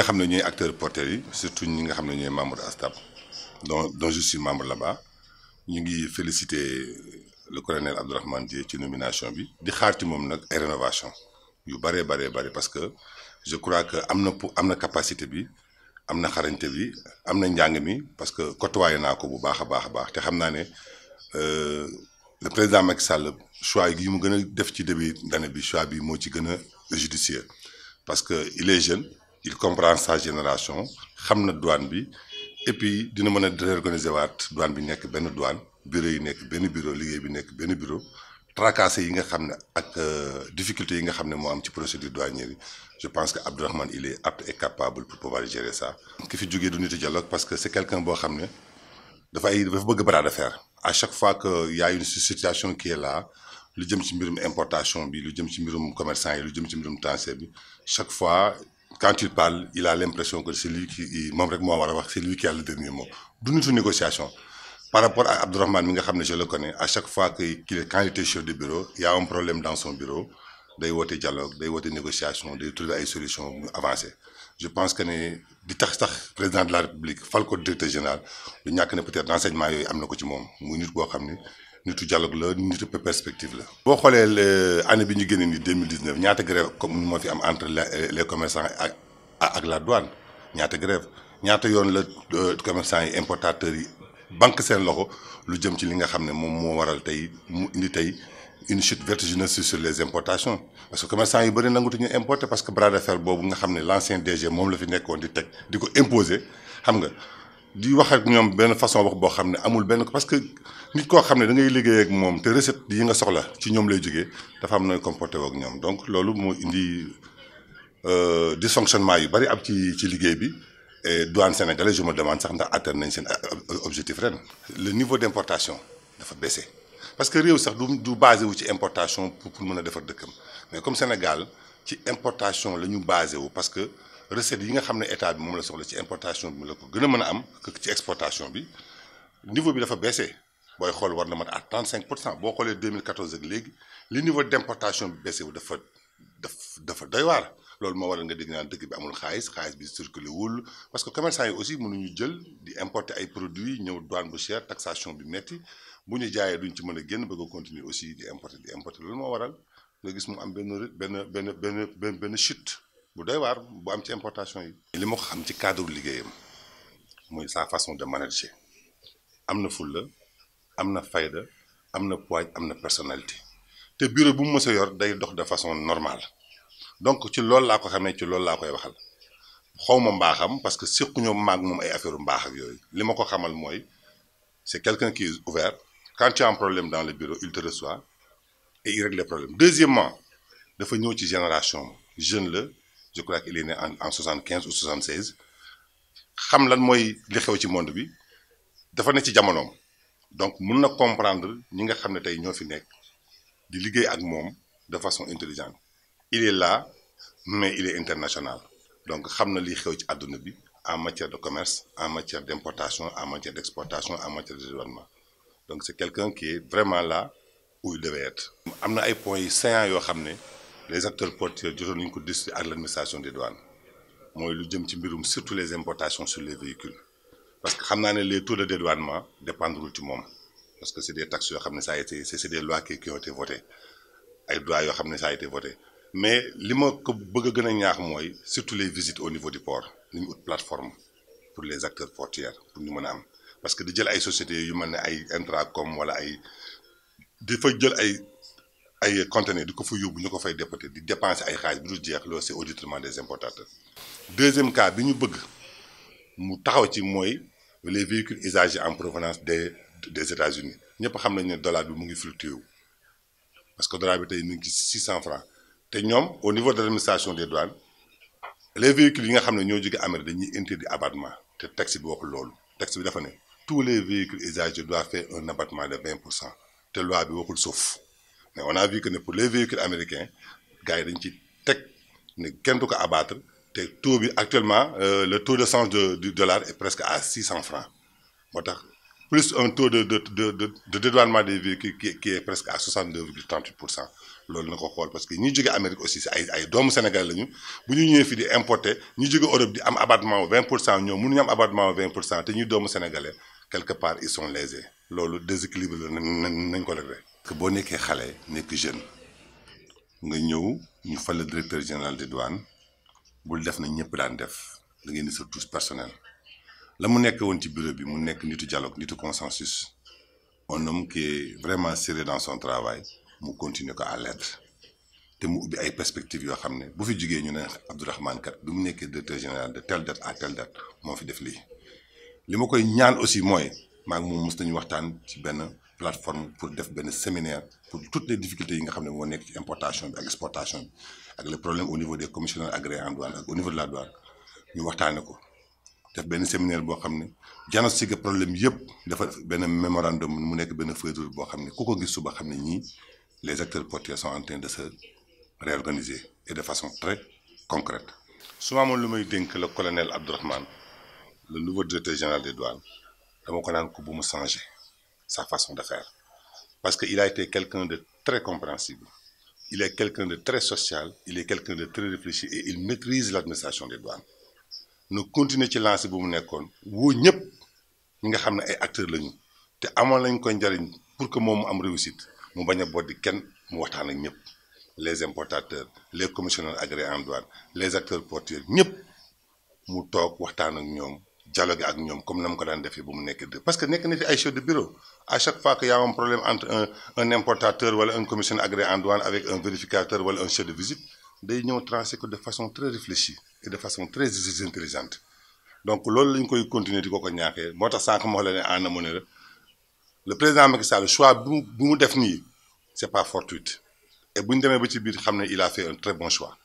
nga xamné ñoy ñooy acteurs porteurs yi surtout ñi nga xamné ñoy ñooy membre ASTAP dont dont je suis membre là-bas ñi ngi féliciter le colonel Abdourahmane Dieye ci nomination bi di xaar ci mom nak rénovation yu Baré, Baré, bëri parce que je crois que amna amna capacité bi amna na bi amna na mi parce que côtoyé naa ko bu baax baax baax te xamna né euh le président Macky Sall choix yi mu gëna def ci début d'année bi choix bi mo ci gëna judicieux parce que il est jeune il comprend sa génération xam la douane bi et puis dina peut de réorganiser waat douane bi nekk benn douane bureau yi nekk bureau liggéey bi nekk bureau Tracasser yi nga xam ne ak euh, difficulté yi nga xam ne am ci procédure douanière je pense que Abdourahmane il est apte et capable pour pouvoir gérer ça. ki fi jógee du nitu dialogue parce que c'est quelqu'un qui xam ne dafay dafa bëgg bras de fer à chaque fois que y a une situation qui est là. lu jëm ci l'importation, importation bi lu jëm ci commerçant yi lu jëm ci mbirum transfert bi chaque fois quand il parle, il a l'impression que c'est lui qui, c'est lui qui a le dernier mot. D'où notre négociation. Par rapport à Abdurrahman, je le connais, à chaque fois qu'il quand il était chef de bureau, il y a un problème dans son bureau, il y a des dialogues, il y a des négociations, il y des solutions avancées. Je pense que le président de la République, Falco, directeur général, il y a peut-être renseignement, qui Nous a un peu de nitu dialogue la nitu perspective la. boo xoolee euh, année bi ñu génnee nii ñaata grève comme moo fi am entre euh, les commerçants ak ak la douane ñaata grève ñaata yoon la euh, commerçants importateurs yi banque seen loxo lu jëm ci li nga xam ne moom waral tey mu indi tey une chute vertigineuse sur les importations parce que commerçants ils bëri nangutu ñu importer parce que bras de fer boobu nga xam ne DG moom la fi nekkoon di teg di ko imposer xam nga di wax ak ñom ben façon wax bo xamné amul ben parce que nit ko xamné da ngay liggéey ak mom té recette yi nga soxla ci ñom lay joggé dafa am noy comporté woog ñom donc lolu mo indi euh, dysfonctionnement yu bari am ci ci liggéey bi et douane sénégalais je me demande sax ndax atteindre nañ sen euh, objectif ren. le niveau d'importation dafa baissé parce que rew sax du du basé wu ci importation pour pour mën a defar dëkkam mais comme Sénégal ci importation lañu basé wu parce que. recettes yi nga xam ne état bi moom la soxla ci importation bi la ko gën a mën a am ci exportation bi niveau bi dafa baissé booy xool war na mën à cinq pour cent boo xoolee 2014 ak léegi li niveau d' importation bi baissé wu dafa daf dafa doy waar loolu moo waral nga dégg naan dëkk bi amul xaalis xaalis bi circulé wul parce que commerçant yi aussi mënuñu jël di importer ay produits ñëw douane bu cher taxation bi metti bu ñu jaayee duñ ci mën a génn bëgg a continuer aussi di importer moo waral nga gis mu am benn benn benn benn benn benn chute. bu doy waar bu am ci importation yi. li ma ko xam ci cadre liggéeyam muy sa façon de manager am na fulla am na fayda am na poids am na personnalité te bureau bu mu mës a yor day dox de façon normale donc ci loolu laa ko xamee ci loolu laa koy waxal xaw ma mbaaxam parce que sequñoo maag moom ay affaire mbaax ak yooyu li ma ko xamal mooy c'est quelqu'un qui est ouvert quand tu as un problème dans le bureau il te reçoit et il règle les problèmes deuxièmement dafa ñëw ci génération jeune la je crois qu'il est né en en ou 76. xam lan mooy li xew ci monde bi dafa ne ci jamonoom donc mun na comprendre ñi nga xam ne tey ñoo fi nekk di liggéey ak moom de façon intelligente il est là mais il est international donc xam na li xew ci àdduna bi en matière de commerce en matière d'importation en matière d'exportation en matière de développement donc c'est quelqu'un qui est vraiment là où il devait être am na ay points yu saillants yoo les acteurs portiers du nañu ko discuter à des douanes mooy lu jëm ci surtout les importations sur les véhicules parce que je les taux de dédouanement dépendent du monde. parce que c'est des taxes ça été des lois qui ont été votées Les droits yoo ça a été voté mais ce que je veux a a surtout les visites au niveau du port Une autre plateforme pour les acteurs portiers, pour nous-mêmes. parce que di jël ay sociétés yu mel ay Intracom wala ay ay contenir, diko fa yóbbu ñu ko fay dépoter di dépenser ay xaalis jeex lo c'est au détriment des importateurs deuxième cas nous bëgg mu taxaw ci les véhicules usagés en provenance des des États-Unis nous xam nañ ne dollar bi mu ngi fluctuer parce que dollar bi tay mu ngi francs té ñom au niveau de l'administration des douanes les véhicules yi nga xam ne ñoo jóge Amérique dañuy interdit abattement té texte bi waxul loolu texte bi dafa tous les véhicules usagés doivent faire un abattement de 20%, té loi bi waxul sauf mais on a vu que pour les véhicules américains les gens dañ ci teg ne abattre actuellement euh, le taux de change du dollar est presque à 600 francs plus un taux de dédouanement des véhicules qui est presque à 62,38%. parce que nous, les Amérique aussi si ay ay doomu Sénégal lañu bu ñu avons fii di importer abattement de 20%. Nous avons abattement de 20% et sénégalais quelque part ils sont lésés Le déséquilibre la nañ ko que boo nekkee xalé nekk jeune nga ñëw ñu fal la directeur général des douanes bul def na ñëpp daan def da ngeen di sa tous personnel la mu nekk woon ci bureau bi mu nekk nitu dialogue nitu consensus un homme qui est vraiment serré dans son travail mu continue ko à l'être té mu ubbi ay perspectives yo xamné bu fi jugee ñu né Abdourahmane kat bu mu nekkee directeur général de telle date à telle date mo fi def li li ma koy ñaan aussi moy maa ngi moom mos waxtaan ci benn plateforme pour faire un séminaire pour toutes les difficultés yi nga xam ne moo et ci importation bi ak au niveau des commissionnaires agréés en douane au niveau de la douane nous avons ko def séminaires séminaire boo xam ne diagnostiqué problème yëpp dafa mémorandum mu nekk benn feuille de route les acteurs portuaires sont en train de se réorganiser et de façon très concrète Souvent ma amoon que le colonel Abdurrahman, le nouveau directeur général des douanes dama ko naan ko changer sa façon de faire. Parce qu'il a été quelqu'un de très compréhensible. Il est quelqu'un de très social, il est quelqu'un de très réfléchi et il maîtrise l'administration des douanes. Nous continuons de lancer pour nous. Nous sommes des acteurs. Nous avons pour que nous ayons réussite. Nous avons des les importateurs, les commissionnaires agréés en douane, les acteurs portuaires. Nous avons des gens qui dialogue ak comme nous ko nous. parce que nous na des de bureau à chaque fois qu'il y a un problème entre un importateur ou un commission agréé en douane avec un vérificateur ou un chef de visite nous avons tracer de façon très réfléchie et de façon très intelligente donc loolu lañ koy continuer di ko ko que en le président Macky Sall choix bu mu ce def pas fortuite et si nous il a fait un très bon choix.